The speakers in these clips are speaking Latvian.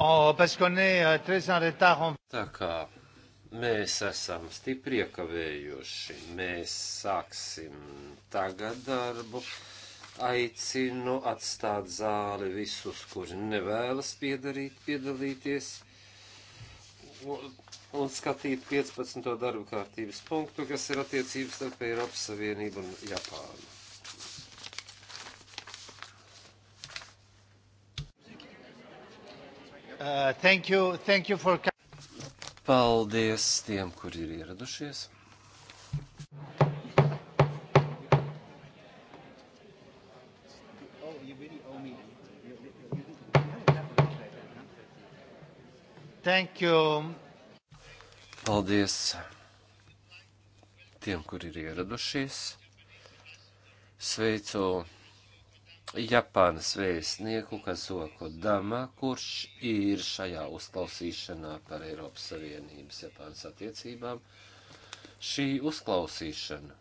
Oh, euh, Tā kā mēs esam stipri iekavējuši, mēs sāksim tagad darbu. Aicinu atstāt zāli visus, kuri nevēlas piedarīt, piedalīties un skatīt 15. darba kārtības punktu, kas ir attiecības starp Eiropas Savienību un Japānu. Uh, thank you, thank you for... Paldies tiem, kuri ir ieradušies. Thank you. Paldies tiem, kuri ir ieradušies. Sveicu Japānas vēstnieku Kazoku Dama, kurš ir šajā uzklausīšanā par Eiropas Savienības Japānas attiecībām. Šī uzklausīšana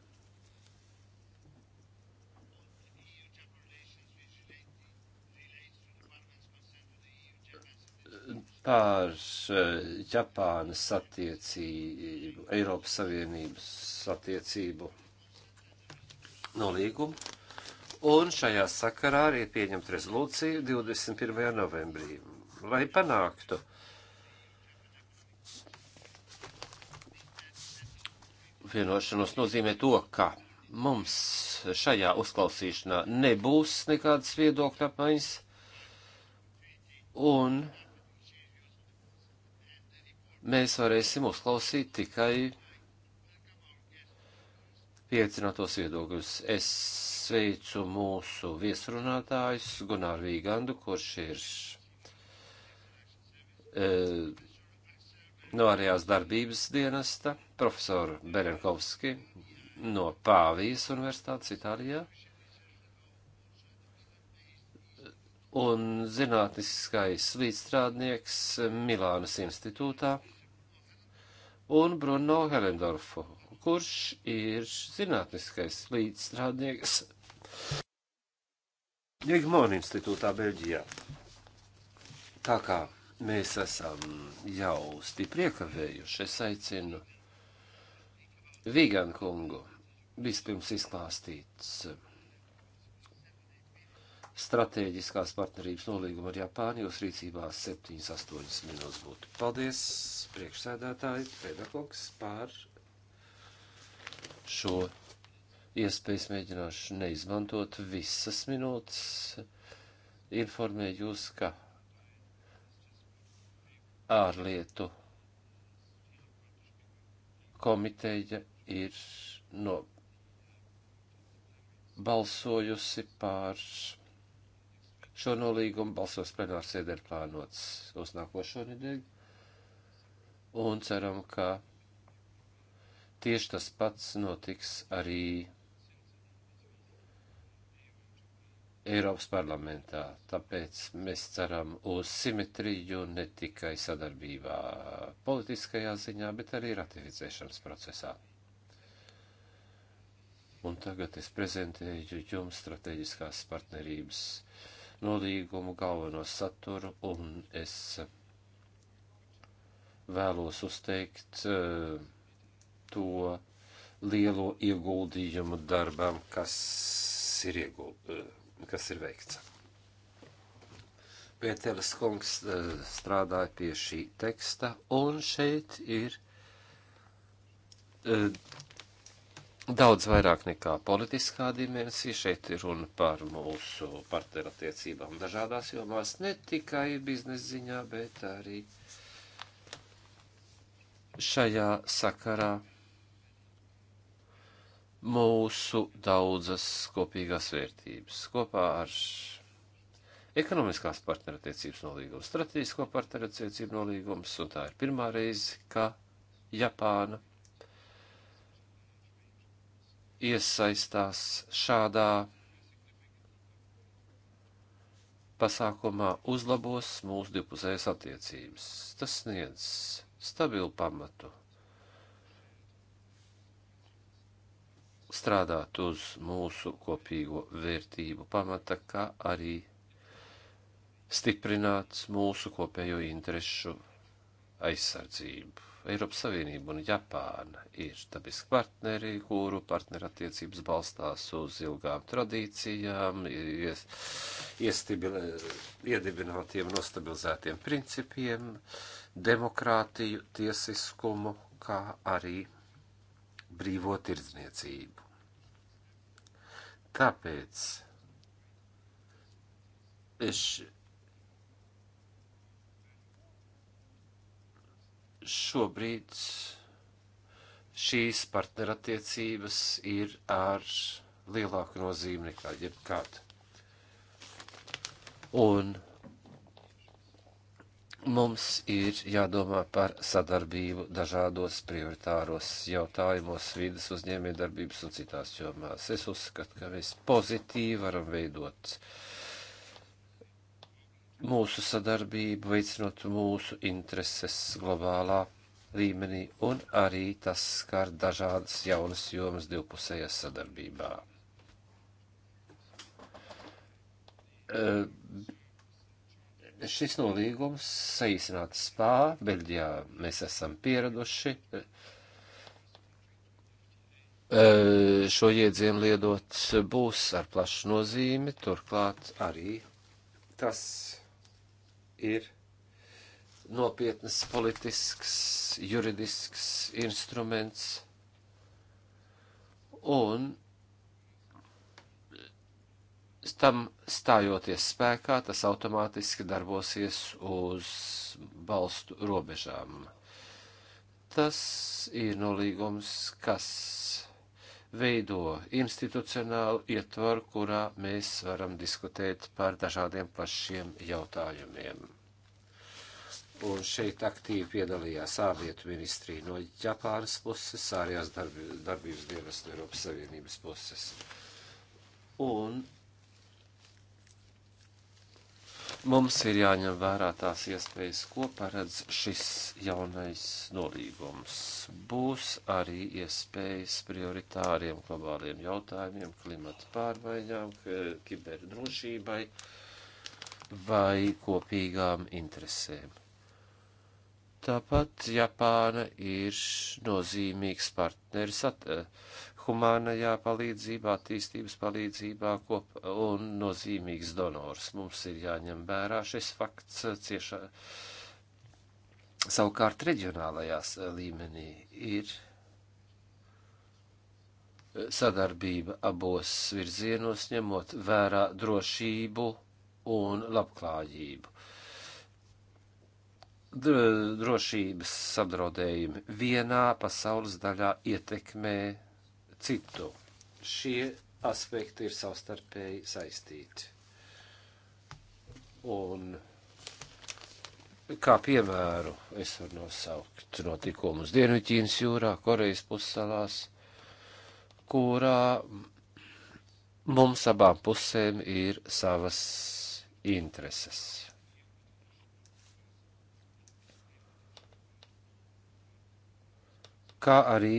par eh, Japānas attiecību, Eiropas Savienības attiecību nolīgumu Un šajā sakarā arī pieņemt rezolūciju 21. novembrī, lai panāktu vienošanos nozīmē to, ka mums šajā uzklausīšanā nebūs nekādas viedokļa apmaiņas, un mēs varēsim uzklausīt tikai pieecinātos viedokļus. Es sveicu mūsu viesrunātājus Gunāru Vīgandu, kurš ir e, no arējās darbības dienesta, profesoru Berenkovski no Pāvijas Universitātes Itālijā un zinātniskais līdzstrādnieks Milānas institūtā un Bruno Helendorfu kurš ir zinātniskais līdzstrādnieks Vigmona institūtā Beļģijā. Tā kā mēs esam jau stipri iekavējuši, es aicinu Vigan kungu vispirms izklāstīt stratēģiskās partnerības nolīgumu ar Japānu. Jūs rīcībā 7-8 minūtes būtu. Paldies, priekšsēdētāji, pedagogs, par šo iespējas mēģināšu neizmantot visas minūtes. Informēju jūs, ka ārlietu komiteja ir no balsojusi pār šo nolīgumu, balsos plenārs sēdē ir plānots uz nākošo nedēļu, un ceram, ka Tieši tas pats notiks arī Eiropas parlamentā, tāpēc mēs ceram uz simetriju ne tikai sadarbībā politiskajā ziņā, bet arī ratificēšanas procesā. Un tagad es prezentēju jums strateģiskās partnerības nolīgumu galveno saturu, un es vēlos uzteikt uh, to lielo ieguldījumu darbam, kas ir, ieguld, eh, kas ir veikts. Pēteris Kungs eh, strādāja pie šī teksta, un šeit ir eh, daudz vairāk nekā politiskā dimensija. Šeit ir runa par mūsu partnerattiecībām dažādās jomās, ne tikai biznesa ziņā, bet arī šajā sakarā mūsu daudzas kopīgās vērtības kopā ar ekonomiskās partnerattiecības nolīgumu, strateģisko partnerattiecību nolīgumus, un tā ir pirmā reize, ka Japāna iesaistās šādā pasākumā uzlabos mūsu divpusējas attiecības. Tas sniedz stabilu pamatu strādāt uz mūsu kopīgo vērtību pamata, kā arī stiprināt mūsu kopējo interešu aizsardzību. Eiropas Savienība un Japāna ir dabiski partneri, kuru partnerattiecības balstās uz ilgām tradīcijām, ies, iedibinātiem, nostabilizētiem principiem, demokrātiju, tiesiskumu, kā arī brīvo tirdzniecību. Tāpēc es šobrīd šīs partnerattiecības ir ar lielāku nozīmi nekā jebkad. Un Mums ir jādomā par sadarbību dažādos prioritāros jautājumos, vidas uzņēmējdarbības un citās jomās. Es uzskatu, ka mēs pozitīvi varam veidot mūsu sadarbību, veicinot mūsu intereses globālā līmenī, un arī tas skar dažādas jaunas jomas divpusējā sadarbībā šis nolīgums saīsināts spā, Beļģijā mēs esam pieraduši e, šo iedzienu liedot būs ar plašu nozīmi, turklāt arī tas ir nopietnas politisks, juridisks instruments un tam stājoties spēkā, tas automātiski darbosies uz balstu robežām. Tas ir nolīgums, kas veido institucionālu ietvaru, kurā mēs varam diskutēt par dažādiem plašiem jautājumiem. Un šeit aktīvi piedalījās ārlietu ministrija no Japānas puses, ārējās darbi, darbības dienas no Eiropas Savienības puses. Un mums ir jāņem vērā tās iespējas, ko paredz šis jaunais nolīgums. Būs arī iespējas prioritāriem globāliem jautājumiem, klimata pārmaiņām, kiberdrošībai vai kopīgām interesēm. Tāpat Japāna ir nozīmīgs partneris at, eh, humānajā palīdzībā, attīstības palīdzībā kop un nozīmīgs donors. Mums ir jāņem vērā šis fakts uh, ciešā. Savukārt reģionālajās uh, līmenī ir uh, sadarbība abos virzienos, ņemot vērā drošību un labklājību. Drošības apdraudējumi vienā pasaules daļā ietekmē citu. Šie aspekti ir savstarpēji saistīti. Un kā piemēru es varu nosaukt notikumus Dienvidķīnas jūrā, Korejas pussalās, kurā mums abām pusēm ir savas intereses. Kā arī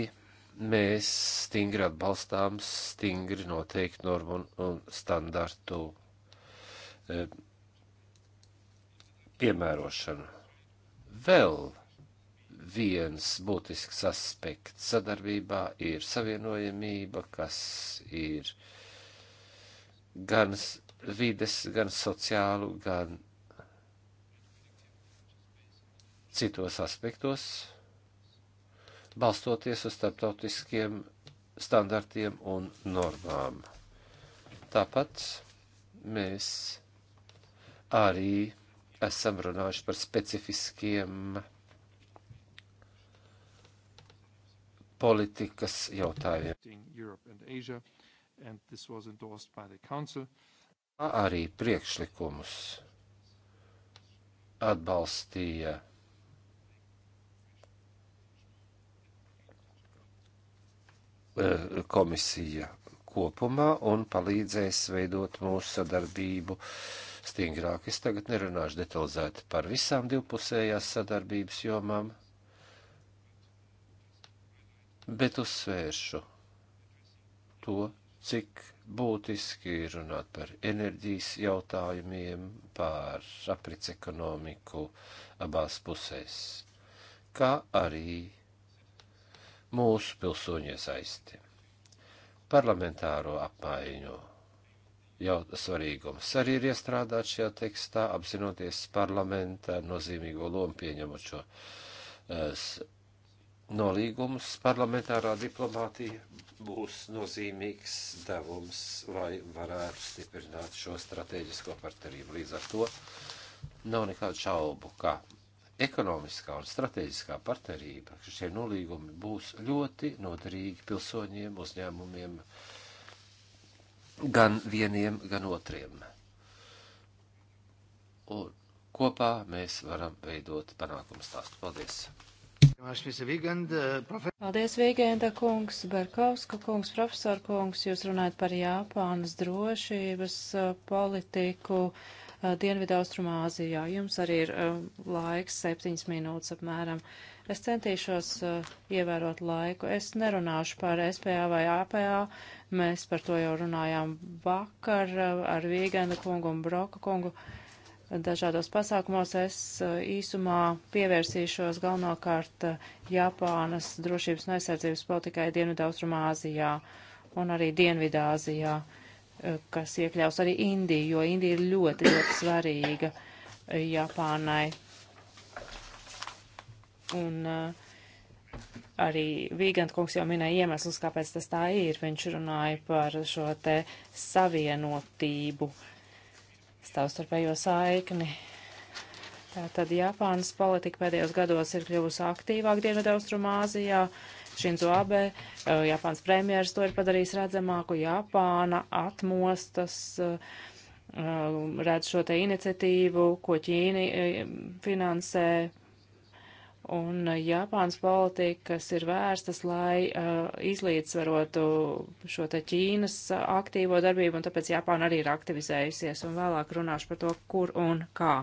mēs stingri atbalstām stingri noteikti normu un, un standartu e, piemērošanu. Vēl viens būtisks aspekts sadarbībā ir savienojamība, kas ir gan vides, gan sociālu, gan citos aspektos balstoties uz starptautiskiem standartiem un normām. Tāpat mēs arī esam runājuši par specifiskiem politikas jautājumiem. Arī priekšlikumus atbalstīja Eh, komisija kopumā un palīdzēs veidot mūsu sadarbību stingrāk. Es tagad nerunāšu detalizēti par visām divpusējās sadarbības jomām, bet uzsvēršu to, cik būtiski ir runāt par enerģijas jautājumiem, par aprits ekonomiku abās pusēs, kā arī mūsu pilsoņu iesaisti. Parlamentāro apmaiņu jau svarīgums arī ir iestrādāt šajā tekstā, apzinoties parlamenta nozīmīgo lomu pieņemušo nolīgumus. Parlamentārā diplomātija būs nozīmīgs devums, lai varētu stiprināt šo strateģisko partnerību. Līdz ar to nav nekādu šaubu, ka ekonomiskā un strateģiskā partnerība, ka šie nolīgumi būs ļoti noderīgi pilsoņiem, uzņēmumiem, gan vieniem, gan otriem. Un kopā mēs varam veidot panākumu stāstu. Paldies! Paldies, Vīgenda kungs, Berkovska kungs, profesor kungs, jūs runājat par Japānas drošības uh, politiku Uh, Dienvidaustrumāzijā. Jums arī ir uh, laiks septiņas minūtes apmēram. Es centīšos uh, ievērot laiku. Es nerunāšu par SPA vai APA. Mēs par to jau runājām vakar ar Vīganda kungu un Broka kungu dažādos pasākumos es īsumā pievērsīšos galvenokārt Japānas drošības un aizsardzības politikai Dienvidaustrumāzijā un arī Dienvidāzijā kas iekļaus arī Indiju, jo Indija ir ļoti, ļoti svarīga Japānai. Un uh, arī Vīgant kungs jau minēja iemeslus, kāpēc tas tā ir. Viņš runāja par šo te savienotību, stāvstarpējo saikni. Tātad Japānas politika pēdējos gados ir kļuvusi aktīvāk Dienvidaustrumāzijā. Uh, Šinzo Abe, eh, Japāns premjeras to ir padarījis redzamāku, Japāna atmostas eh, redz šo te iniciatīvu, ko Ķīni eh, finansē, un Japānas politikas ir vērstas, lai uh, izlīdzsvarotu šo te Ķīnas aktīvo darbību, un tāpēc Japāna arī ir aktivizējusies, un vēlāk runāšu par to, kur un kā.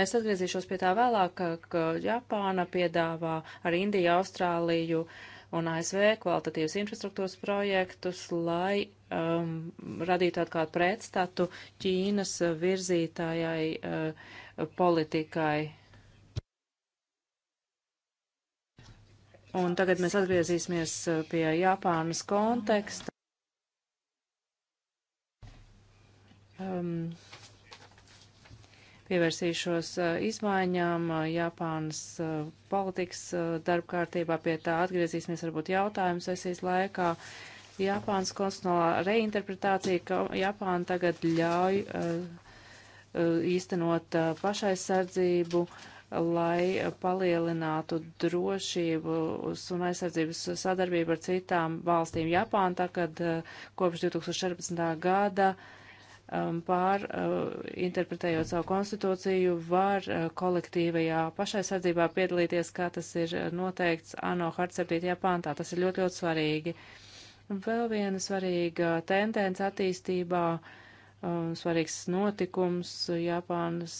Es atgriezīšos pie tā vēlāk, ka Japāna piedāvā ar Indiju, Austrāliju un ASV kvalitatīvas infrastruktūras projektus, lai um, radītu tādu kā pretstatu Ķīnas virzītājai uh, politikai. Un tagad mēs atgriezīsimies uh, pie Japānas konteksta. Um, pievērsīšos eh, izmaiņām eh, Japānas eh, politikas darbkārtībā. Pie tā atgriezīsimies varbūt jautājumu sesijas laikā. Japānas konstitucionālā reinterpretācija, ka Japāna tagad ļauj īstenot pašaizsardzību, lai palielinātu drošību un aizsardzības sadarbību ar citām valstīm. Japāna tagad kopš 2014. gada Um, pārinterpretējot uh, savu konstitūciju, var uh, kolektīvajā pašaizsardzībā piedalīties, kā tas ir uh, noteikts ANO hart 7. pāntā. Tas ir ļoti, ļoti svarīgi. Vēl viena svarīga tendence attīstībā, um, svarīgs notikums Japānas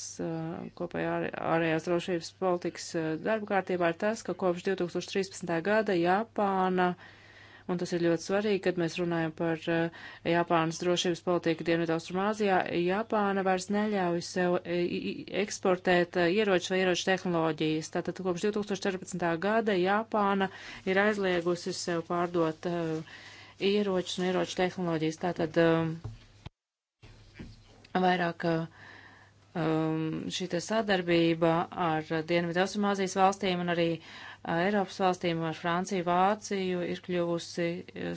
kopējā ārējās drošības politikas darba kārtībā ir tas, ka kopš 2013. gada Japāna uh, un tas ir ļoti svarīgi, kad mēs runājam par eh, Japānas drošības politiku Dienvidaustrumāzijā. Japāna vairs neļauj sev eh, eksportēt eh, ieroču vai ieroču tehnoloģijas. Tātad kopš 2014. gada Japāna ir aizliegusi sev pārdot ieročus un ieroču tehnoloģijas. Tātad vairāk um, šī sadarbība ar Dienvidaustrumāzijas valstīm un arī uh, Eiropas valstīm ar Franciju, Vāciju ir kļuvusi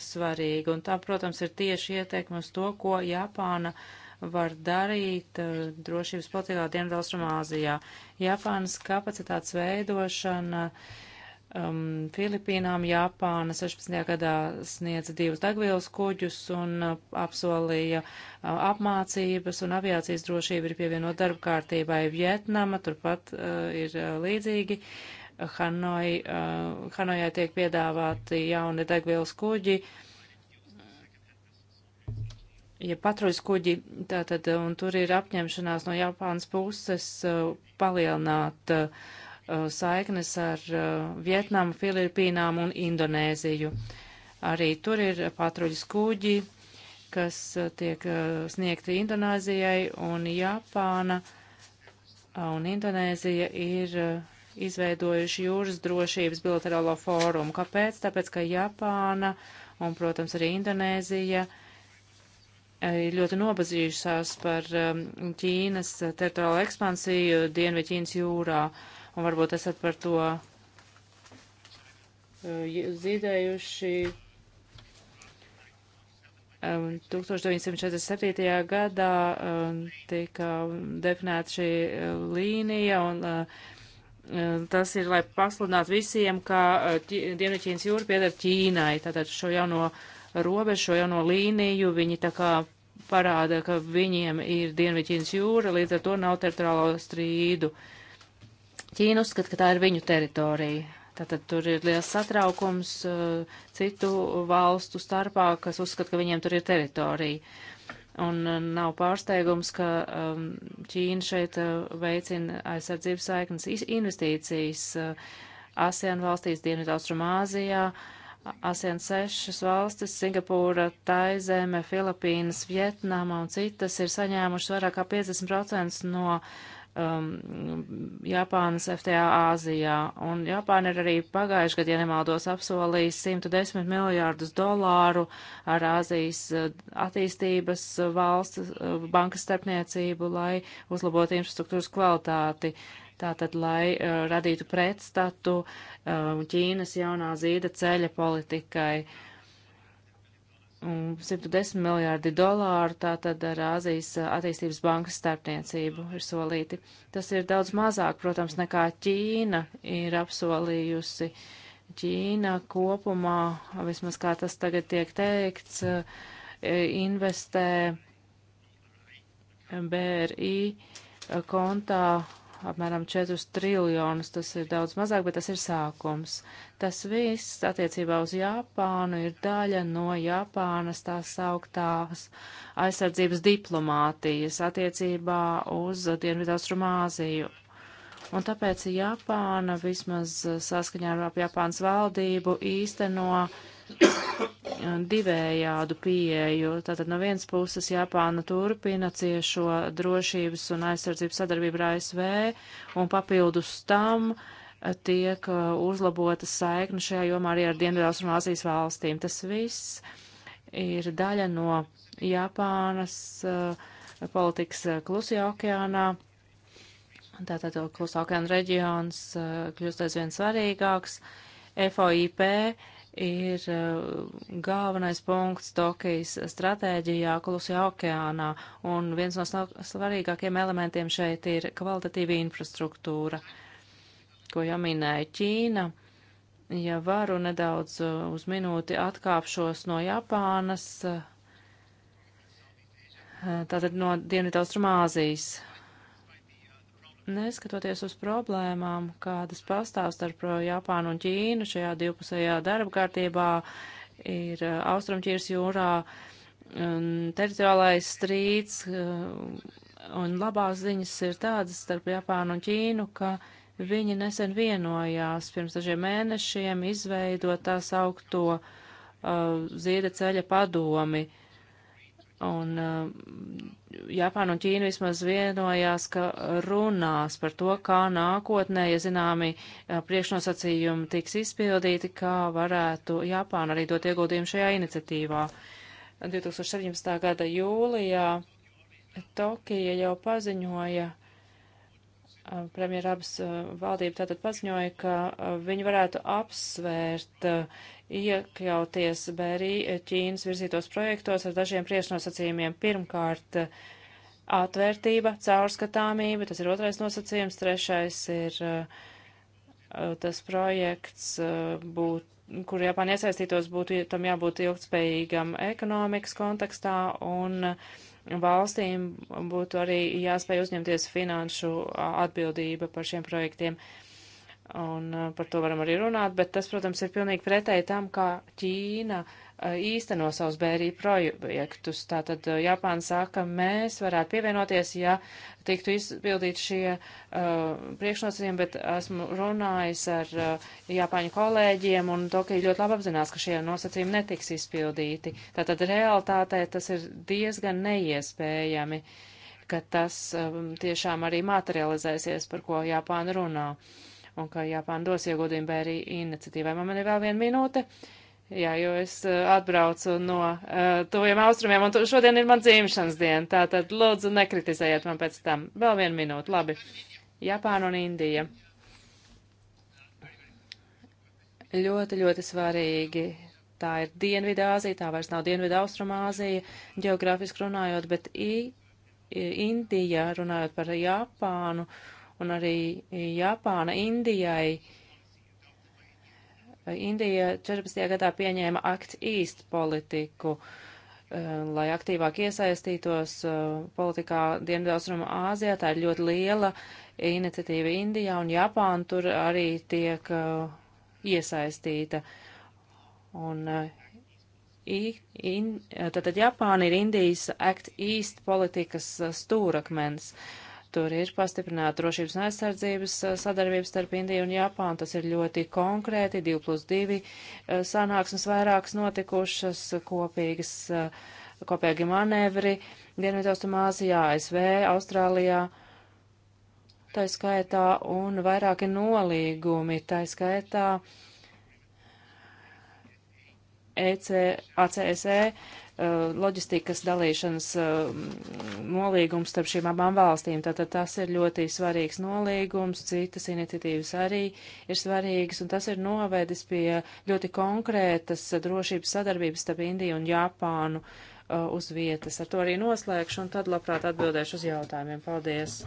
svarīga. Un tā, protams, ir tieši ieteikumi uz to, ko Japāna var darīt drošības politikā Dienvidaustrumāzijā. Japānas kapacitātes veidošana um, Filipīnām Japāna 16. gadā sniedza divus degvielas kuģus un uh, apsolīja uh, apmācības un aviācijas drošība ir pievienot darba kārtībai Vietnama, turpat uh, ir uh, līdzīgi Hanoi, uh, Hanojai tiek piedāvāti jauni degvielas kuģi, ja patruļas kuģi, tātad, un tur ir apņemšanās no Japānas puses uh, palielināt uh, saiknes ar uh, Vietnamu, Filipīnām un Indonēziju. Arī tur ir patruļas kuģi, kas tiek sniegti Indonēzijai un Japāna un Indonēzija ir izveidojuši jūras drošības bilaterālo fórumu. Kāpēc? Tāpēc, ka Japāna un, protams, arī Indonēzija ir e, ļoti nobazījušās par um, Ķīnas teritoriālo ekspansiju Dienvidķīnas jūrā. Un varbūt esat par to e, zīdējuši 1947. Um, gadā um, tika definēta šī e, līnija un Eh, tas ir, lai pasludinātu visiem, ka eh, Dienvidķīnas jūra pieder Ķīnai. Tātad šo jauno robežu, šo jauno līniju viņi tā kā parāda, ka viņiem ir Dienvidķīnas jūra, līdz ar to nav teritoriālo strīdu. Ķīna uzskata, ka tā ir viņu teritorija. Tātad tur ir liels satraukums eh, citu valstu starpā, kas uzskata, ka viņiem tur ir teritorija. Un uh, nav pārsteigums, ka um, Ķīna šeit uh, veicina aizsardzības saiknes investīcijas uh, ASEAN valstīs, Dienvidaustrumāzijā, ASEAN sešas valstis, Singapūra, Taizeme, Filipīnas, Vietnama un citas ir saņēmušas vairāk kā 50% no uh, um, Japānas FTA Āzijā. Un Japāna ir arī pagājuši, kad, ja nemaldos, apsolījis 110 miljārdus dolāru ar Āzijas uh, attīstības uh, valsts uh, bankas starpniecību, lai uzlabotu infrastruktūras kvalitāti. Tātad, lai uh, radītu pretstatu uh, Ķīnas jaunā zīda ceļa politikai. Uh, 110 miljārdi dolāru tātad ar Āzijas attīstības bankas starpniecību ir solīti. Tas ir daudz mazāk, protams, nekā Ķīna ir apsolījusi. Ķīna kopumā, vismaz kā tas tagad tiek teikts, investē BRI kontā apmēram 4 triljonus. Tas ir daudz mazāk, bet tas ir sākums. Tas viss attiecībā uz Japānu ir daļa no Japānas tā sauktās aizsardzības diplomātijas attiecībā uz Dienvidaustrumāziju. Un tāpēc Japāna vismaz saskaņā ar Japānas valdību īsteno no divējādu pieeju. Tātad no vienas puses Japāna turpina ciešo drošības un aizsardzības sadarbību ar ASV un papildus tam eh, tiek eh, uzlabota saikna šajā jomā arī ar Dienvidaustrumāzijas valstīm. Tas viss ir daļa no Japānas uh, politikas klusajā okeānā. Tātad klusā okeāna reģions uh, kļūst aizvien svarīgāks. FOIP uh, ir uh, galvenais punkts Tokijas stratēģijā Klusajā okeānā, un viens no svarīgākiem elementiem šeit ir kvalitatīva infrastruktūra, ko jau minēja Ķīna. Ja varu nedaudz uh, uz minūti atkāpšos no Japānas, uh, tātad no Dienvidaustrumāzijas Neskatoties uz problēmām, kādas pastāv starp uh, Japānu un Ķīnu šajā divpusējā darba kārtībā, ir uh, Austrumķīras jūrā teritoriālais strīds, uh, un labās ziņas ir tādas starp Japānu un Ķīnu, ka viņi nesen vienojās pirms dažiem mēnešiem izveidot tā saukto uh, Zieda ceļa padomi. Uh, Un um, Japāna un Ķīna vismaz vienojās, ka runās par to, kā nākotnē, ja zināmi uh, priekšnosacījumi tiks izpildīti, kā varētu Japāna arī dot ieguldījumu šajā iniciatīvā. 2017. gada jūlijā Tokija jau paziņoja, uh, premjera abas uh, valdība tātad paziņoja, ka viņi varētu apsvērt uh, iekļauties Bērī Ķīnas virzītos projektos ar dažiem priekšnosacījumiem. Pirmkārt, atvērtība, caurskatāmība, tas ir otrais nosacījums, trešais ir uh, tas projekts uh, būt kur Japāna iesaistītos, būtu tam jābūt ilgspējīgam ekonomikas kontekstā un valstīm būtu arī jāspēj uzņemties finanšu atbildība par šiem projektiem. Uh, Un uh, par to varam arī runāt, bet tas, protams, ir pilnīgi pretēji tam, kā Ķīna uh, īsteno savus bērī projektus. Tātad uh, Japāna saka, mēs varētu pievienoties, ja tiktu izpildīt šie uh, priekšnosacījumi, bet esmu runājis ar uh, Japāņu kolēģiem un to, ka viņi ļoti labi apzinās, ka šie nosacījumi netiks izpildīti. Tātad realitātē tas ir diezgan neiespējami, ka tas um, tiešām arī materializēsies, par ko Japāna runā. Uh, un ka Japāna dos ieguldījumu bērī iniciatīvai. Man ir vēl viena minūte. Jā, jo es eh, atbraucu no uh, tuviem austrumiem, un tu, šodien ir man dzimšanas diena, tātad lūdzu nekritizējiet man pēc tam. Vēl viena minūte, labi. Japāna un Indija. Ļoti, ļoti svarīgi tā ir Dienvidāzija, tā vairs nav Dienvidaustrumāzija, geogrāfiski runājot, bet I, Indija, runājot par Japānu Un arī Japāna Indijai. Indija 14. gadā pieņēma Act East politiku, eh, lai aktīvāk iesaistītos eh, politikā Dienvidaustruma Āzijā. Tā ir ļoti liela iniciatīva Indijā, un Japāna tur arī tiek eh, iesaistīta. Un I, in, tātad Japāna ir Indijas Act East politikas stūrakmens. Uh, Tur ir pastiprināta drošības un aizsardzības sadarbības starp Indiju un Japānu. Tas ir ļoti konkrēti, 2 plus 2 sanāksmes vairākas notikušas, kopīgas, kopīgi manevri Dienvidostumāzijā, ASV, Austrālijā. Tā skaitā un vairāki nolīgumi, tā skaitā EC, ACSE Eh, loģistikas dalīšanas eh, nolīgums starp šīm abām valstīm. Tātad tas ir ļoti svarīgs nolīgums, citas iniciatīvas arī ir svarīgas, un tas ir novedis pie ļoti konkrētas drošības sadarbības starp Indiju un Japānu eh, uz vietas. Ar to arī noslēgšu, un tad labprāt atbildēšu uz jautājumiem. Paldies!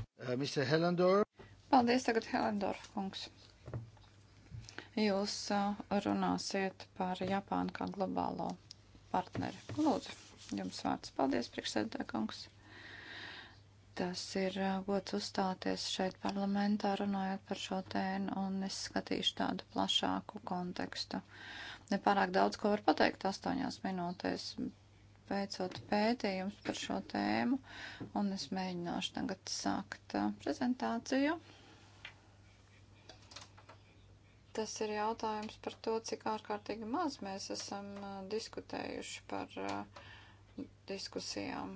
Paldies tagad, Helendorf kungs! Jūs runāsiet par Japānu kā globālo partneri. Lūdzu, jums vārds. Paldies, priekšsēdētāj kungs. Tas ir uh, gods uzstāties šeit parlamentā runājot par šo tēmu, un es skatīšu tādu plašāku kontekstu. Nepārāk daudz ko var pateikt astoņās minūtēs, veicot pētījums par šo tēmu, un es mēģināšu tagad sākt uh, prezentāciju. Tas ir jautājums par to, cik ārkārtīgi maz mēs esam diskutējuši par diskusijām.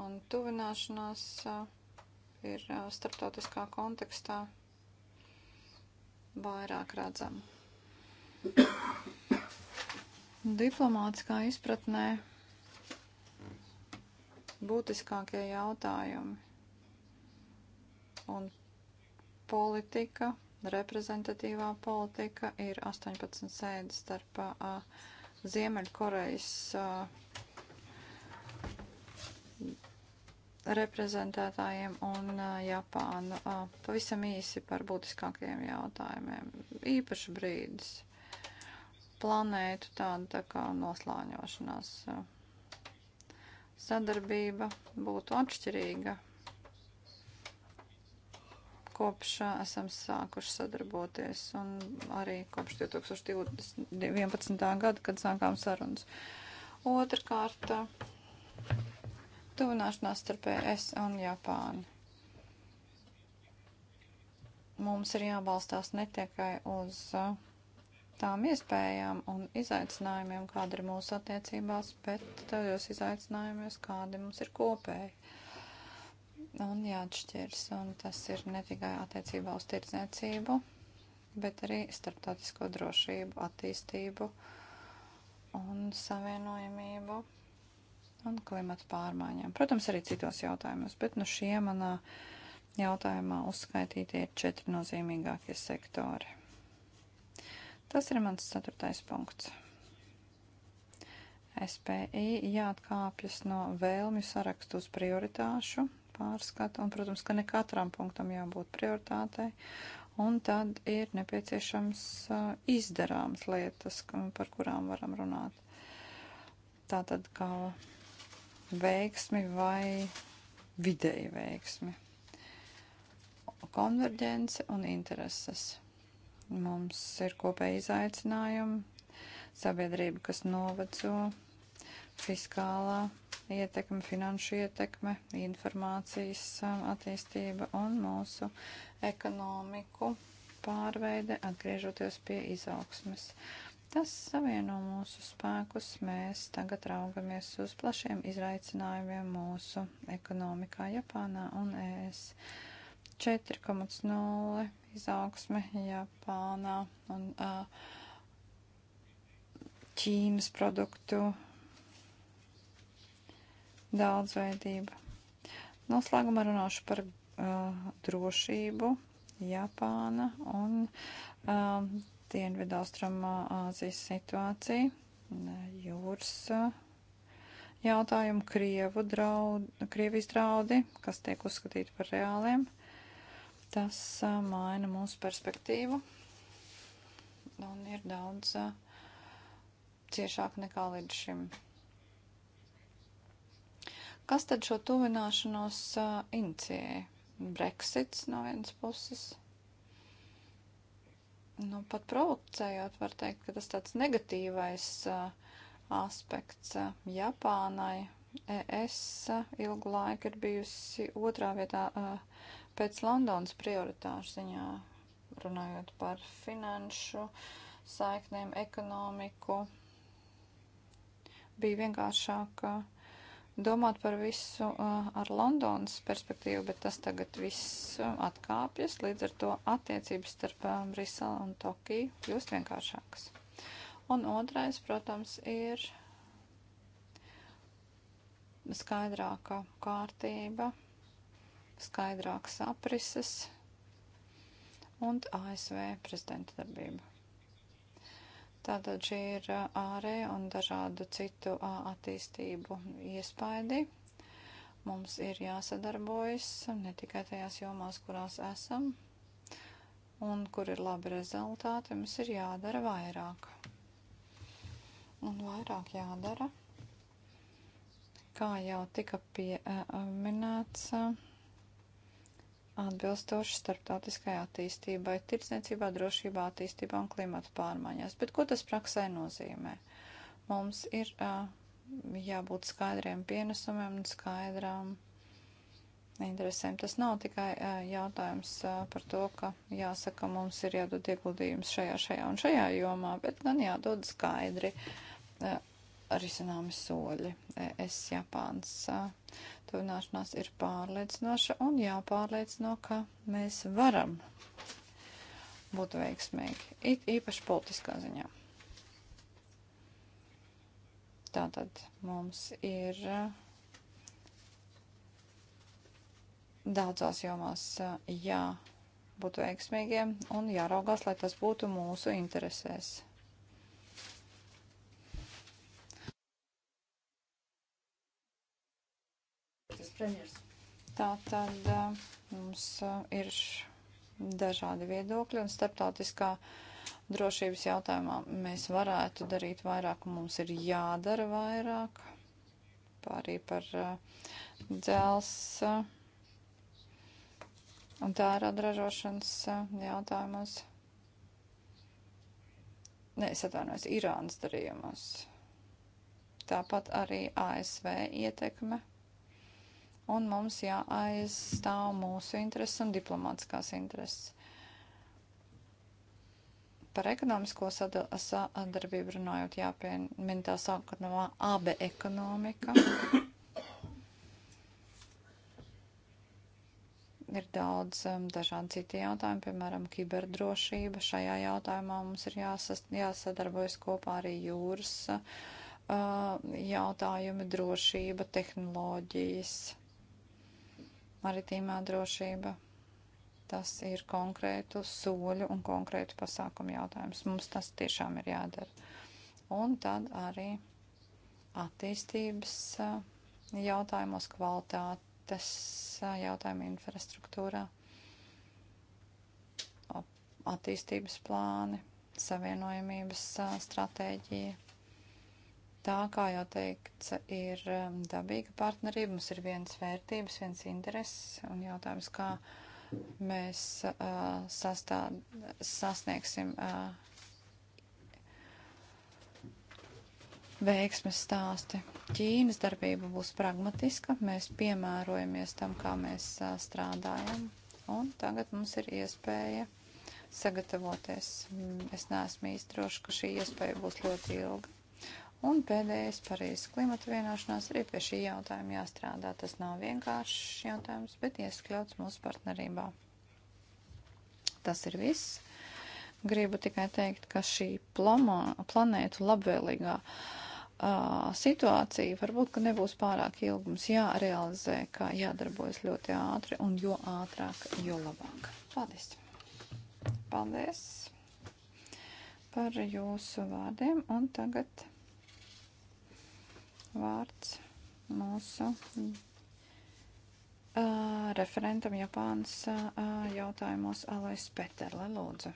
Un tuvināšanās ir starptautiskā kontekstā vairāk redzama. Diplomātiskā izpratnē būtiskākie jautājumi un politika, reprezentatīvā politika ir 18 sēdes starp Ziemeļkorejas reprezentētājiem un Japānu. Pavisam īsi par būtiskākajiem jautājumiem. Īpaši brīdis planētu tāda tā kā noslāņošanās sadarbība būtu atšķirīga kopš uh, esam sākuši sadarboties un arī kopš 2011. gada, kad sākām sarunas. Otrakārt, uh, tuvināšanās starp ES un Japānu. Mums ir jābalstās ne tikai uz uh, tām iespējām un izaicinājumiem, kāda ir mūsu attiecībās, bet tajos izaicinājumos, kādi mums ir kopēji. Uh, un jāatšķirs. Un tas ir ne tikai attiecībā uz tirdzniecību, bet arī starptautisko drošību, attīstību un savienojamību un klimata pārmaiņām. Protams, arī citos jautājumos, bet nu šie manā jautājumā uzskaitītie ir četri nozīmīgākie sektori. Tas ir mans ceturtais punkts. SPI jāatkāpjas no vēlmju sarakstu uz prioritāšu, pārskatu, un, protams, ka ne katram punktam jābūt prioritātei, un tad ir nepieciešams uh, izdarāms lietas, par kurām varam runāt. Tātad kā veiksmi vai vidēji veiksmi. Konverģence un intereses. Mums ir kopēji izaicinājumi, sabiedrība, kas noveco, fiskālā ietekme, finanšu ietekme, informācijas um, attīstība un mūsu ekonomiku pārveide, atgriežoties pie izaugsmes. Tas savieno mūsu spēkus. Mēs tagad raugamies uz plašiem izaicinājumiem mūsu ekonomikā Japānā un ES. 4,0 izaugsme Japānā un uh, Ķīnas produktu daudzveidība. Noslēgumā runāšu par uh, drošību Japāna un um, uh, Dienvidaustrumā Āzijas situāciju, uh, jūras uh, jautājumu, Krievu draud, Krievijas draudi, kas tiek uzskatīti par reāliem. Tas uh, maina mūsu perspektīvu un ir daudz uh, ciešāk nekā līdz šim. Kas tad šo tuvināšanos uh, inicijēja? Brexits no vienas puses. Nu, pat provocējot, var teikt, ka tas tāds negatīvais uh, aspekts uh, Japānai. ES uh, ilgu laiku ir bijusi otrā vietā uh, pēc Londonas prioritāšu ziņā, runājot par finanšu saiknēm, ekonomiku. Bija vienkāršāk. Uh, domāt par visu uh, ar Londonas perspektīvu, bet tas tagad viss uh, atkāpjas, līdz ar to attiecības starp uh, eh, Briselu un Tokiju kļūst vienkāršākas. Un otrais, protams, ir skaidrāka kārtība, skaidrāks aprises un ASV prezidenta darbība. Tātad šī ir ārēja un dažādu citu attīstību iespaidi. Mums ir jāsadarbojas ne tikai tajās jomās, kurās esam un kur ir labi rezultāti, mums ir jādara vairāk. Un vairāk jādara, kā jau tika pieminēts. Uh, atbilstoši starptautiskai attīstībai, tirdzniecībā, drošībā, attīstībā un klimata pārmaiņās. Bet ko tas praksē nozīmē? Mums ir uh, jābūt skaidriem pienesumiem un skaidrām interesēm. Tas nav tikai uh, jautājums uh, par to, ka jāsaka, mums ir jādod ieguldījums šajā, šajā un šajā jomā, bet gan jādod skaidri uh, risināmi soļi. Es Japāns tuvināšanās ir pārliecinoša un jāpārliecino, ka mēs varam būt veiksmīgi, it īpaši politiskā ziņā. Tātad mums ir daudzās jomās jābūt veiksmīgiem un jāraugās, lai tas būtu mūsu interesēs. Tā tad eh, mums eh, ir dažādi viedokļi un starptautiskā drošības jautājumā mēs varētu darīt vairāk un mums ir jādara vairāk. Pārī par eh, dzels un tērā ražošanas jautājumos. Nē, es atvainojos, Irānas darījumos. Tāpat arī ASV ietekme un mums jāaizstāv mūsu intereses un diplomātiskās intereses. Par ekonomisko sadarbību runājot, jāpiemin tā sākotnēmā abe ekonomika. ir daudz um, dažādi citi jautājumi, piemēram, kiberdrošība. Šajā jautājumā mums ir jāsas, jāsadarbojas kopā arī jūras uh, jautājumi, drošība, tehnoloģijas maritīmā drošība. Tas ir konkrētu soļu un konkrētu pasākumu jautājums. Mums tas tiešām ir jādara. Un tad arī attīstības jautājumos, kvalitātes jautājumu infrastruktūrā, attīstības plāni, savienojamības stratēģija tā, kā jau teikts, ir um, dabīga partnerība, mums ir viens vērtības, viens intereses un jautājums, kā mēs uh, sastā, sasniegsim uh, veiksmes stāsti. Ķīnas darbība būs pragmatiska, mēs piemērojamies tam, kā mēs uh, strādājam, un tagad mums ir iespēja sagatavoties. Mm, es neesmu īsti droši, ka šī iespēja būs ļoti ilga Un pēdējais Parīzes klimata vienošanās arī pie šī jautājuma jāstrādā. Tas nav vienkāršs jautājums, bet ieskļauts mūsu partnerībā. Tas ir viss. Gribu tikai teikt, ka šī plama, planētu labvēlīgā uh, situācija varbūt, ka nebūs pārāk ilgums jārealizē, kā jādarbojas ļoti ātri un jo ātrāk, jo labāk. Paldies! Paldies! par jūsu vārdiem, un tagad vārds mūsu uh, referentam Japānas uh, jautājumos Alois Peterle, lūdzu.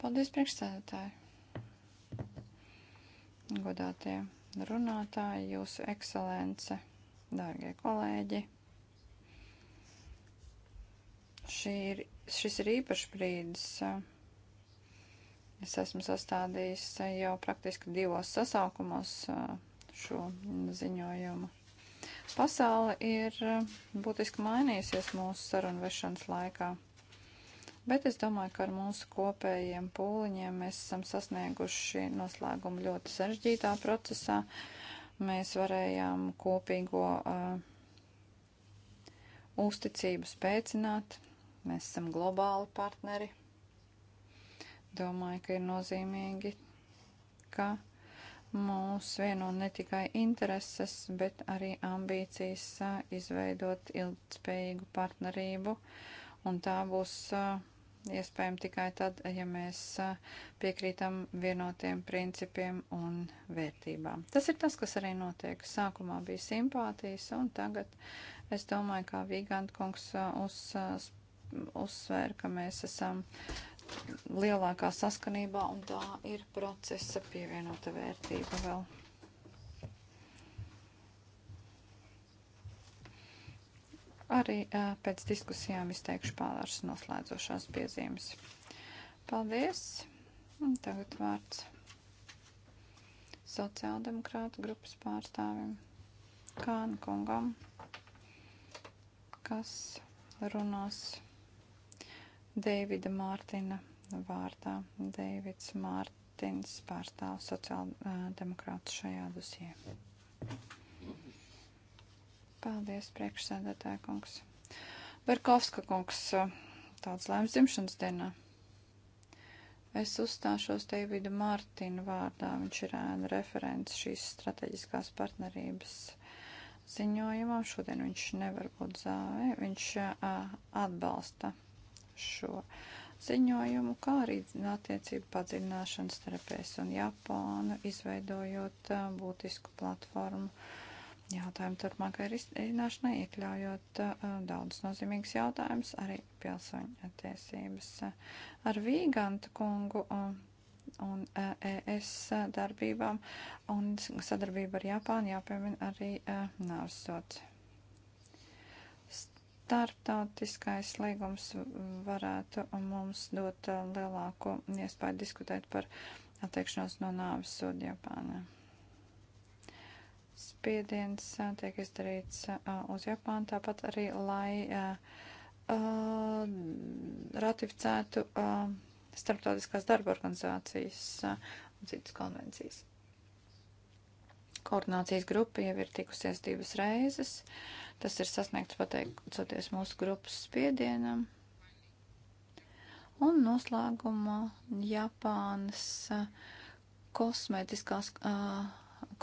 Paldies, priekšsēdētāji. Godātie runātāji, jūsu ekscelence, dārgie kolēģi. Šī ir, šis ir īpašs brīdis. Uh, Es esmu sastādījis jau praktiski divos sasaukumos šo ziņojumu. Pasaule ir eh, būtiski mainījusies mūsu sarunvešanas laikā. Bet es domāju, ka ar mūsu kopējiem pūliņiem mēs esam sasnieguši noslēgumu ļoti sarežģītā procesā. Mēs varējām kopīgo uh, uzticību spēcināt. Mēs esam globāli partneri. Domāju, ka ir nozīmīgi, ka Mūs vieno ne tikai intereses, bet arī ambīcijas izveidot ilgspējīgu partnerību, un tā būs iespējama tikai tad, ja mēs piekrītam vienotiem principiem un vērtībām. Tas ir tas, kas arī notiek. Sākumā bija simpātijas, un tagad es domāju, kā Vīgant kungs uz, uzsvēra, ka mēs esam lielākā saskanībā, un tā ir procesa pievienota vērtība vēl. Arī pēc diskusijām izteikšu pāris noslēdzošās piezīmes. Paldies! Un tagad vārds sociāldemokrāta grupas pārstāvim Kāna kungam, kas runās Deivida Mārtina vārdā. Deivids Mārtins pārstāv sociāldemokrātu šajā dusijā. Paldies, priekšsēdētāja kungs. Berkovska kungs, tāds lēms dzimšanas dienā. Es uzstāšos Teivida Mārtiņa vārdā. Viņš ir ēna referents šīs strateģiskās partnerības ziņojumam. Šodien viņš nevar būt zāvē. Viņš a, atbalsta šo ziņojumu, kā arī attiecību padziļināšanu starp ES un Japānu, izveidojot būtisku platformu jautājumu turpmākai risināšanai, iekļaujot daudz nozīmīgs jautājums, arī pilsoņu tiesības. Ar Vīgantu kungu un ES darbībām un sadarbību ar Japānu jāpiemina arī nāvsots startautiskais līgums varētu mums dot eh, lielāko iespēju diskutēt par attiekšanos no nāves sodu Japānā. Spiediens eh, tiek izdarīts eh, uz Japānu, tāpat arī, lai ratificētu starptautiskās darba organizācijas un citas konvencijas. Koordinācijas grupa jau ir tikusies divas reizes. Tas ir sasniegts pateicoties mūsu grupas spiedienam. Un noslēgumā Japānas kosmētiskās,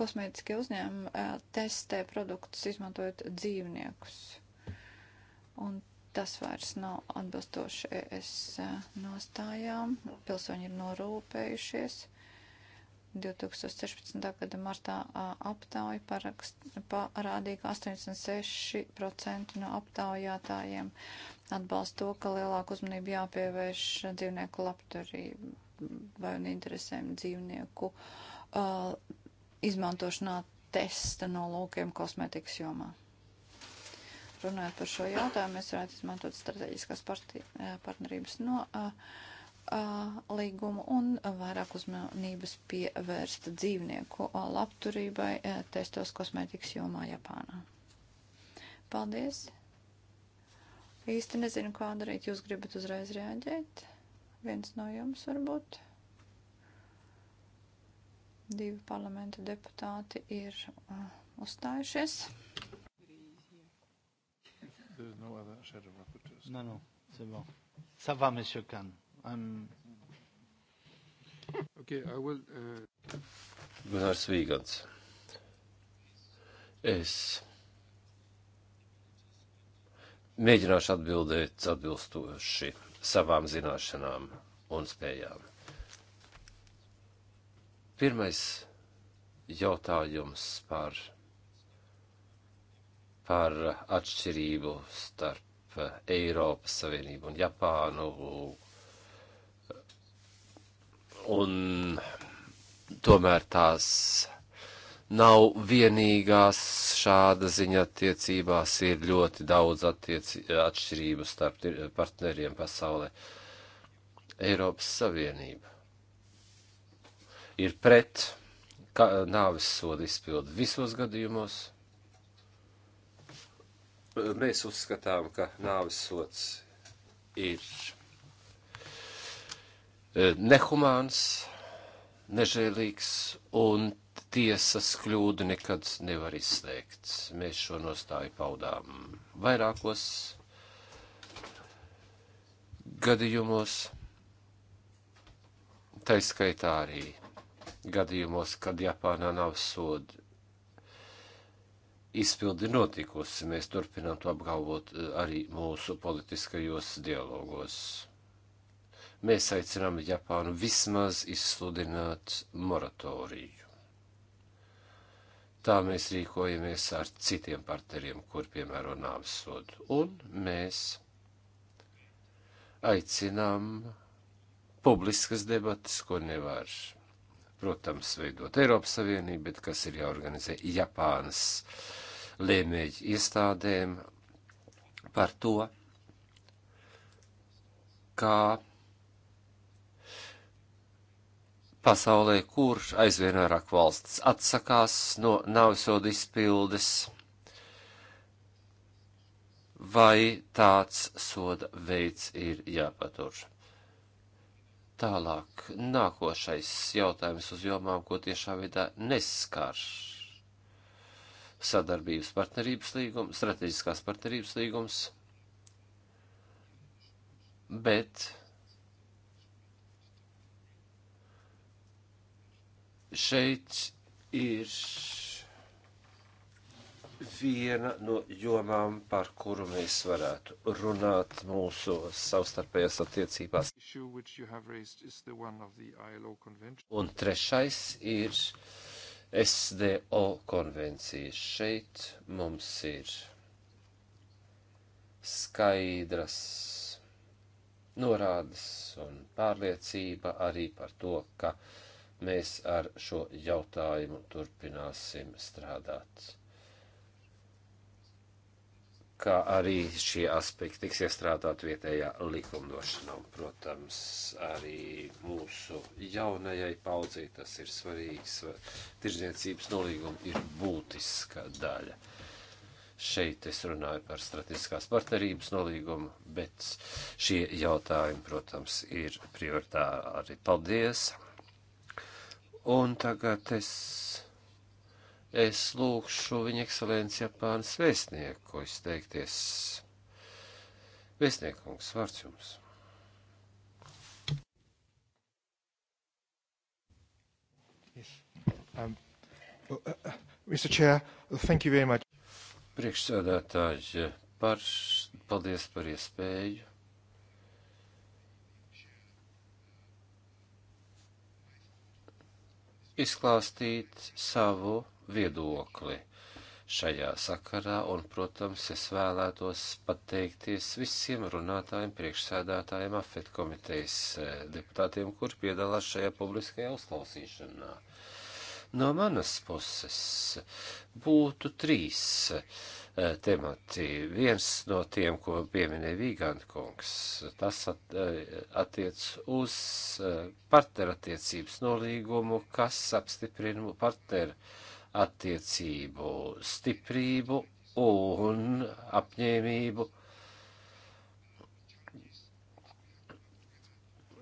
kosmētiskie uzņēmumi testē produktus izmantojot dzīvniekus. Un tas vairs nav atbilstoši es nostājām. Pilsoņi ir norūpējušies. 2016. gada martā aptauja parādīja, ka 86% no aptaujātājiem atbalsta to, ka lielāku uzmanību jāpievērš dzīvnieku labturībai un interesēm dzīvnieku uh, izmantošanā testa nolūkiem kosmetikas jomā. Runājot par šo jautājumu, mēs varētu izmantot strateģiskās partnerības no. Uh, uh, līgumu un vairāk uzmanības pievērst dzīvnieku labturībai testos kosmētikas jomā Japānā. Paldies! Īsti nezinu, kā darīt. Jūs gribat uzreiz reaģēt? Viens no jums varbūt. Divi parlamenta deputāti ir uh, uzstājušies. There's no other shadow rapporteurs. No, no, c'est bon. Ça va, monsieur Kahn and Okay, I will. Uh... Gunārs Vīgants. Es mēģināšu atbildēt atbilstoši savām zināšanām un spējām. Pirmais jautājums par, par atšķirību starp Eiropas Savienību un Japānu, Un tomēr tās nav vienīgās šāda ziņa attiecībās, ir ļoti daudz attieci, atšķirību starp partneriem pasaulē. Eiropas Savienība ir pret nāves sodu izpildu visos gadījumos. Mēs uzskatām, ka nāves sods ir Eh, nehumāns, nežēlīgs un tiesas kļūdu nekad nevar izslēgt. Mēs šo nostāju paudām vairākos gadījumos, taiskaitā arī gadījumos, kad Japānā nav sodu izpildi notikusi. Mēs turpinām to apgalvot eh, arī mūsu politiskajos dialogos. Mēs aicinām Japānu vismaz izsludināt moratoriju. Tā mēs rīkojamies ar citiem partneriem, kur piemēro nāves sodu. Un mēs aicinām publiskas debatas, ko nevar, protams, veidot Eiropas Savienība, bet kas ir jāorganizē Japānas lēmēji iestādēm par to, kā pasaulē, kur aizvien vairāk valsts atsakās no nāvisodu izpildes, vai tāds soda veids ir jāpatur. Tālāk, nākošais jautājums uz jomām, ko tiešā veidā neskar. Sadarbības partnerības līgums, strateģiskās partnerības līgums, bet Šeit ir viena no jomām, par kuru mēs varētu runāt mūsu savstarpējās attiecībās. Un trešais ir SDO konvencija. Šeit mums ir skaidras norādes un pārliecība arī par to, ka uh, mēs ar šo jautājumu turpināsim strādāt. Kā arī šie aspekti tiks iestrādāt vietējā likumdošanā. Protams, arī mūsu jaunajai paudzī tas ir svarīgs. Tirzniecības nolīguma ir būtiska daļa. Šeit es runāju par strateģiskās partnerības nolīgumu, bet šie jautājumi, protams, ir prioritāri. Paldies! Un tagad es, es lūkšu viņa ekscelenci Japānas vēstnieku izteikties. Vēstniekungs, vārds jums. Yes. Um, uh, uh, Mr. Chair, thank you very much. Priekšsēdētāji, par, paldies par iespēju izklāstīt savu viedokli šajā sakarā, un, protams, es vēlētos pateikties visiem runātājiem, priekšsēdētājiem, afet komitejas eh, deputātiem, kur piedalās šajā publiskajā uzklausīšanā. No manas puses būtu trīs Eh, temati. Viens no tiem, ko pieminēja Vīganta kungs, tas at, eh, attiec uz eh, partnerattiecības nolīgumu, kas apstiprina partnerattiecību stiprību un apņēmību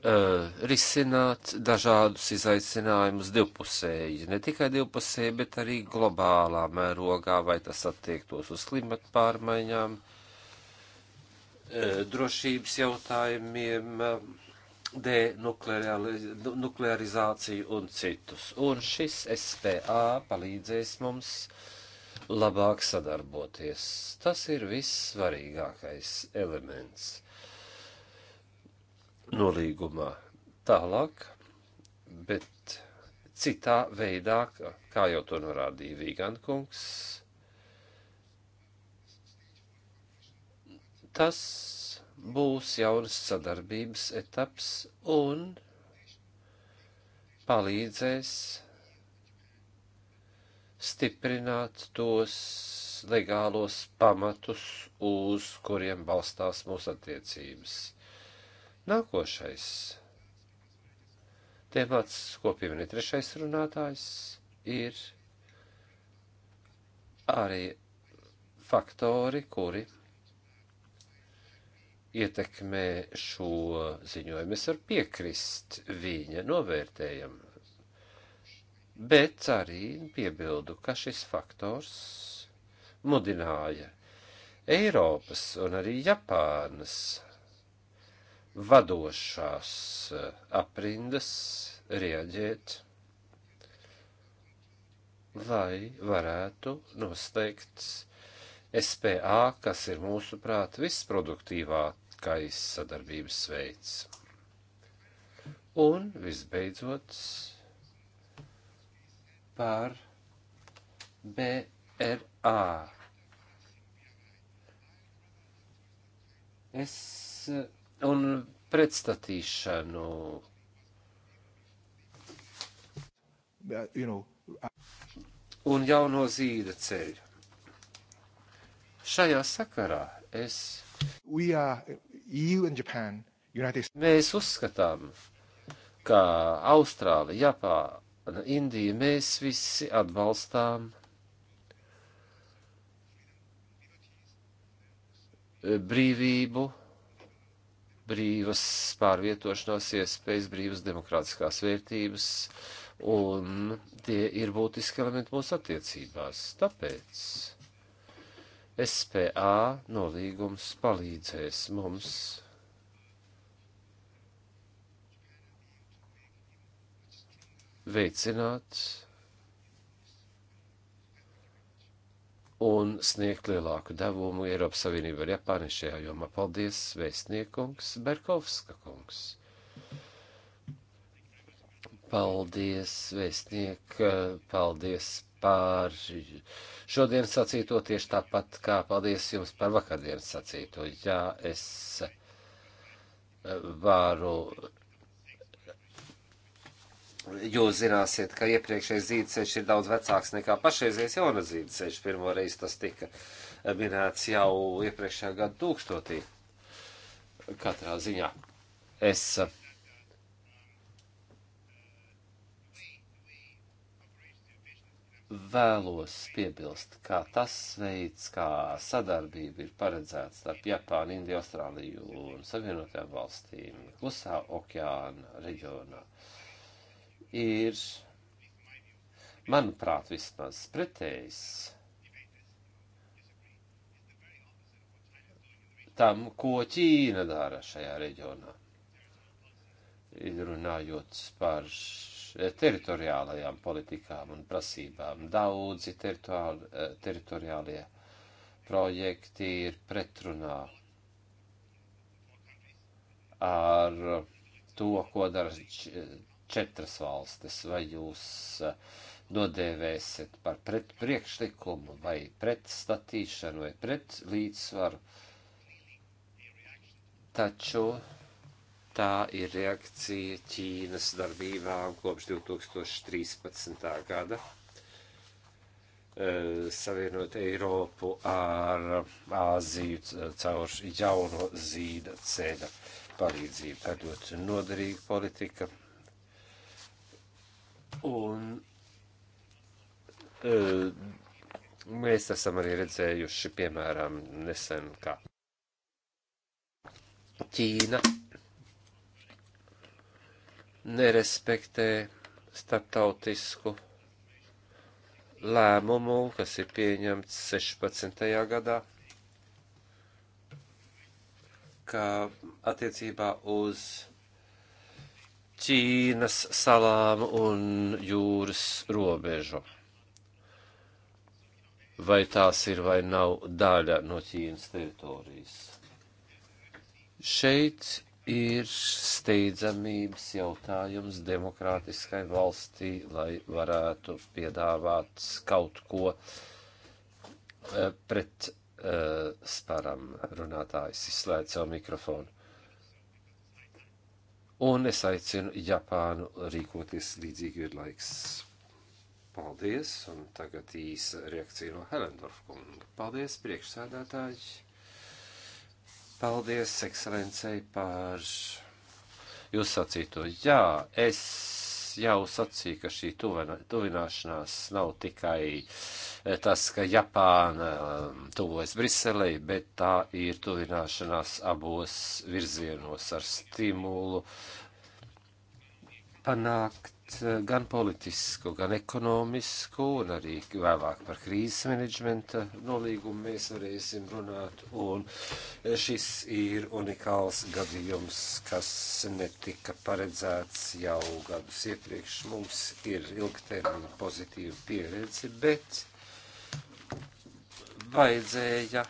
Eh, risināt dažādus izaicinājumus divpusēji, ne tikai divpusēji, bet arī globālā mērogā, vai tas attiektos uz klimatu pārmaiņām, eh, drošības jautājumiem, eh, denuklearizāciju un citus. Un šis SPA palīdzēs mums labāk sadarboties. Tas ir viss svarīgākais elements nolīgumā. Tālāk, bet citā veidā, kā jau to norādīja Vīgankungs, tas būs jaunas sadarbības etaps un palīdzēs stiprināt tos legālos pamatus, uz kuriem balstās mūsu attiecības. Nākošais temats, ko pieminē trešais runātājs, ir arī faktori, kuri ietekmē šo ziņojumu. Es varu piekrist viņa novērtējumam, bet arī piebildu, ka šis faktors mudināja Eiropas un arī Japānas vadošās eh, aprindas rieģēt, lai varētu noslēgt SPA, kas ir mūsuprāt visproduktīvākais sadarbības veids. Un visbeidzot par BRA. Es eh, un pretstatīšanu. Un jauno zīda ceļu. Šajā sakarā es. Are, Japan, mēs uzskatām, ka Austrālija, Japāna, Indija, mēs visi atbalstām eh, brīvību brīvas pārvietošanās iespējas, brīvas demokrātiskās vērtības, un tie ir būtiski elementi mūsu attiecībās. Tāpēc SPA nolīgums palīdzēs mums veicināt un sniegt lielāku devumu Eiropas Savienībai ar Japāni šajā jomā. Paldies, vēstniekungs Berkovska kungs. Paldies, vēstniek, paldies par šodien sacīto tieši tāpat kā paldies jums par vakardienas sacīto. Jā, es varu Jūs zināsiet, ka iepriekšējais zīdceļš ir daudz vecāks nekā pašreizējais jaunais zīdceļš. Pirmo reizi tas tika minēts jau iepriekšējā gada tūkstotī. Katrā ziņā es. Uh, vēlos piebilst, ka tas veids, kā sadarbība ir paredzēta starp Japānu, Indiju, Austrāliju un Savienotajām valstīm, Klusā okeāna reģionā, uh, ir, manuprāt, vismaz pretējs tam, ko Ķīna dara šajā reģionā. Runājot par teritoriālajām politikām un prasībām, daudzi teritoriālie projekti ir pretrunā ar to, ko dara četras valstis, vai jūs eh, nodēvēsiet par pret priekšlikumu, vai pret statīšanu, vai pret līdzsvaru. Taču tā ir reakcija Ķīnas darbībām kopš 2013. gada. Eh, savienot Eiropu ar Āziju caur jauno zīda ceļa palīdzību. Tā ļoti noderīga politika Un e, mēs esam arī redzējuši, piemēram, nesen, kā Ķīna nerespektē starptautisku lēmumu, kas ir pieņemts 16. gadā, ka attiecībā uz Ķīnas salām un jūras robežu. Vai tās ir vai nav daļa no Ķīnas teritorijas? Šeit ir steidzamības jautājums demokrātiskai valstī, lai varētu piedāvāt kaut ko eh, pret uh, sparam runātājs izslēdz savu mikrofonu un es aicinu Japānu rīkoties līdzīgi ir laiks. Paldies, un tagad īsa reakcija no Helendorf kunga. Paldies, priekšsēdētāji. Paldies, ekscelencei, par jūs sacīto. Jā, es jau sacīja, ka šī tuvināšanās nav tikai eh, tas, ka Japāna um, tuvojas Briselei, bet tā ir tuvināšanās abos virzienos ar stimulu panākt bet eh, gan politisku, gan ekonomisku, un arī vēlāk par krīzes menedžmenta nolīgumu mēs varēsim runāt. Un eh, šis ir unikāls gadījums, kas netika paredzēts jau gadus iepriekš. Mums ir ilgtermiņa pozitīva pieredze, bet vajadzēja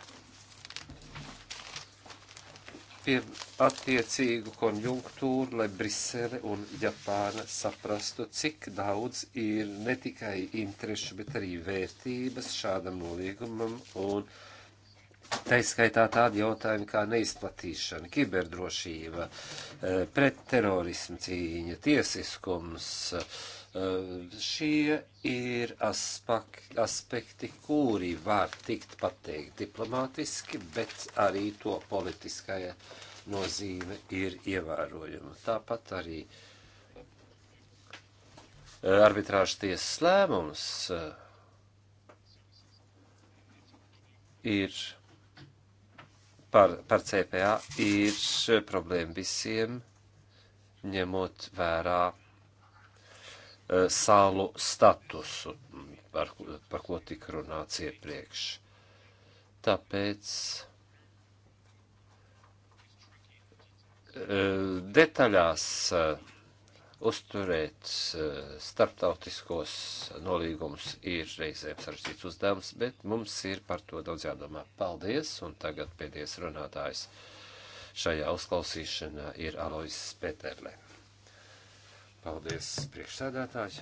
pie attiecīgu konjunktūru, lai Brisele un Japāna saprastu, cik daudz ir ne tikai interešu, bet arī vērtības šādam nolīgumam un taiskaitā tādi jautājumi kā neizplatīšana, kiberdrošība, eh, pretterorismu cīņa, tiesiskums, uh, Ehm, šie ir aspekti, kuri var tikt pateikt diplomātiski, bet arī to politiskajai nozīme ir ievērojama. Tāpat arī eh, arbitrāžas tiesas lēmums eh, ir par, par CPA ir eh, problēma visiem, ņemot vērā E, salu statusu, par, par ko tika runāts iepriekš. Tāpēc e, detaļās e, uzturēt starptautiskos nolīgumus ir reizēm sarežģīts uzdevums, bet mums ir par to daudz jādomā. Paldies, un tagad pēdējais runātājs šajā uzklausīšanā ir Alois Peterle. Paldies, priekšsēdētāji.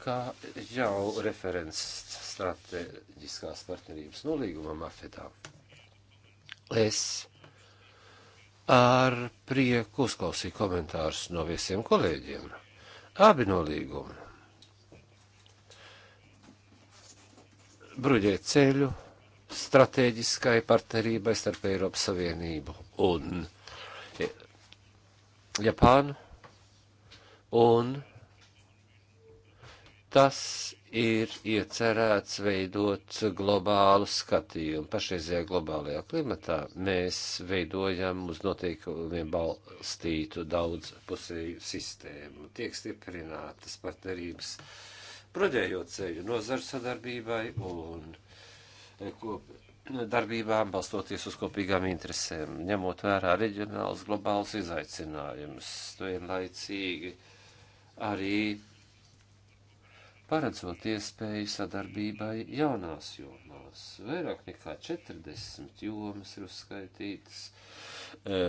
Kā jau referents strateģiskās partnerības nolīgumam afetā, es ar prieku uzklausīju komentārus no visiem kolēģiem. Abi nolīgumi. bruģē ceļu stratēģiskai partnerībai starp Eiropas Savienību un Japānu, un tas ir iecerēts veidot globālu skatījumu. Pašreizajā globālajā klimatā mēs veidojam uz noteikumiem balstītu daudzpusēju sistēmu. Tiek stiprinātas partnerības, proģējot ceļu nozaru sadarbībai un eh, kop, darbībām, balstoties uz kopīgām interesēm, ņemot vērā reģionāls globāls izaicinājums, vienlaicīgi arī paredzot iespēju sadarbībai jaunās jomās. Vairāk nekā 40 jomas ir uzskaitītas e,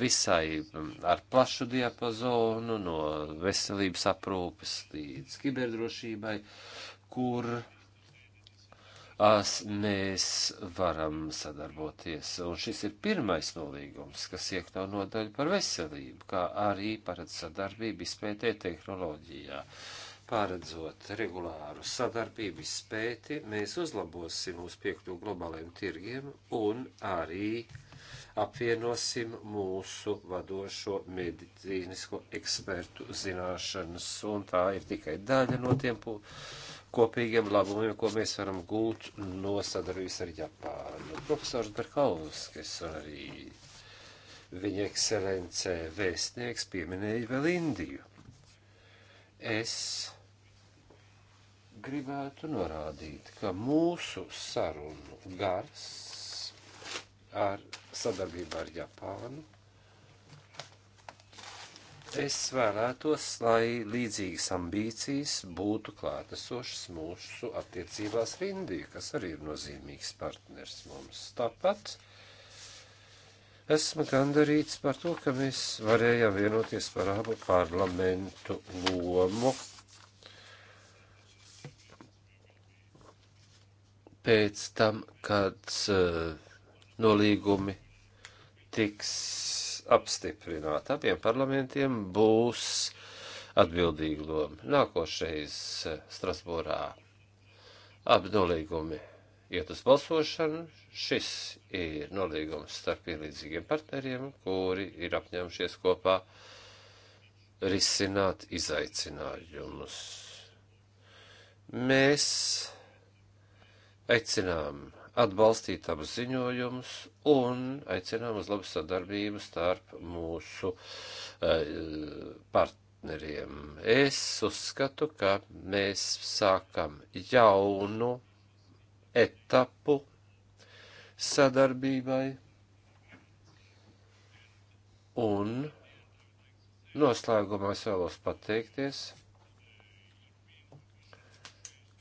visai ar plašu diapazonu, no veselības aprūpes līdz kiberdrošībai, kur mēs varam sadarboties. Un šis ir pirmais nolīgums, kas iekļauj nodaļu par veselību, kā arī paredz sadarbību izpētē tehnoloģijā. Pāredzot regulāru sadarbību izpēti, mēs uzlabosim mūsu piekļuvu globāliem tirgiem un arī apvienosim mūsu vadošo medicīnisko ekspertu zināšanas, un tā ir tikai daļa no tiem pūlēm kopīgiem labumiem, ko mēs varam gūt no sadarbības ar Japānu. Profesors Berkalovskis un arī viņa ekscelencē vēstnieks pieminēja vēl Indiju. Es gribētu norādīt, ka mūsu sarunu gars ar sadarbību ar Japānu Es vēlētos, lai līdzīgas ambīcijas būtu klātesošas mūsu attiecībās ar Indiju, kas arī ir nozīmīgs partners mums. Tāpat esmu gandarīts par to, ka mēs varējām vienoties par abu parlamentu lomu pēc tam, kad uh, nolīgumi tiks apstiprināta. Abiem parlamentiem būs atbildīga loma. Nākošais eh, Strasbūrā abi nolīgumi iet uz balsošanu. Šis ir nolīgums starp pielīdzīgiem partneriem, kuri ir apņēmušies kopā risināt izaicinājumus. Mēs aicinām atbalstīt abus ziņojumus un aicinām uz labu sadarbību starp mūsu uh, partneriem. Es uzskatu, ka mēs sākam jaunu etapu sadarbībai un noslēgumā es vēlos pateikties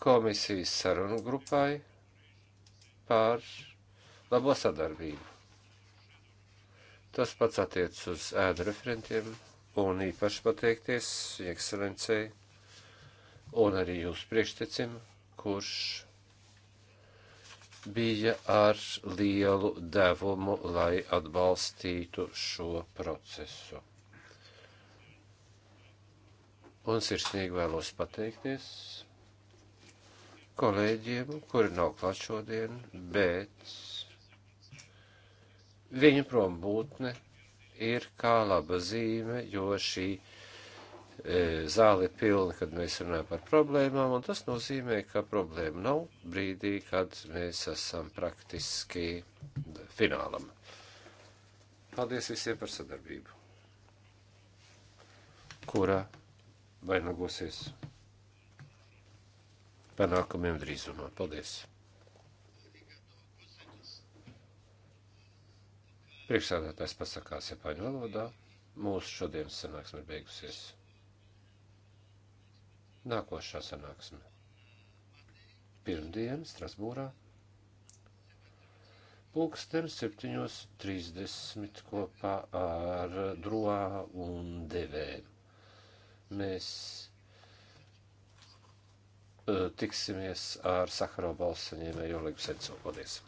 komisijas sarunu grupai par labo sadarbību. Tas pats attiec uz ēdu referentiem un īpaši pateikties ekscelencei un arī jūsu priekštecim, kurš bija ar lielu devumu, lai atbalstītu šo procesu. Un sirsnīgi vēlos pateikties kolēģiem, kuri nav klāt šodien, bet viņa prombūtne ir kā laba zīme, jo šī e, zāle ir pilna, kad mēs runājam par problēmām, un tas nozīmē, ka problēma nav brīdī, kad mēs esam praktiski finālam. Paldies visiem par sadarbību, kurā vainagosies panākumiem drīzumā. Paldies! Priekšsādātājs pasakās Japāņu valodā. Mūsu šodienas sanāksme ir beigusies. Nākošā sanāksme. Pirmdien Strasbūrā. Pulksten 7.30 kopā ar Droā un Devē. Mēs Eh, tiksimies ar Sakarovu balsu saņēmēju eh, Olegu Sencu. Paldies!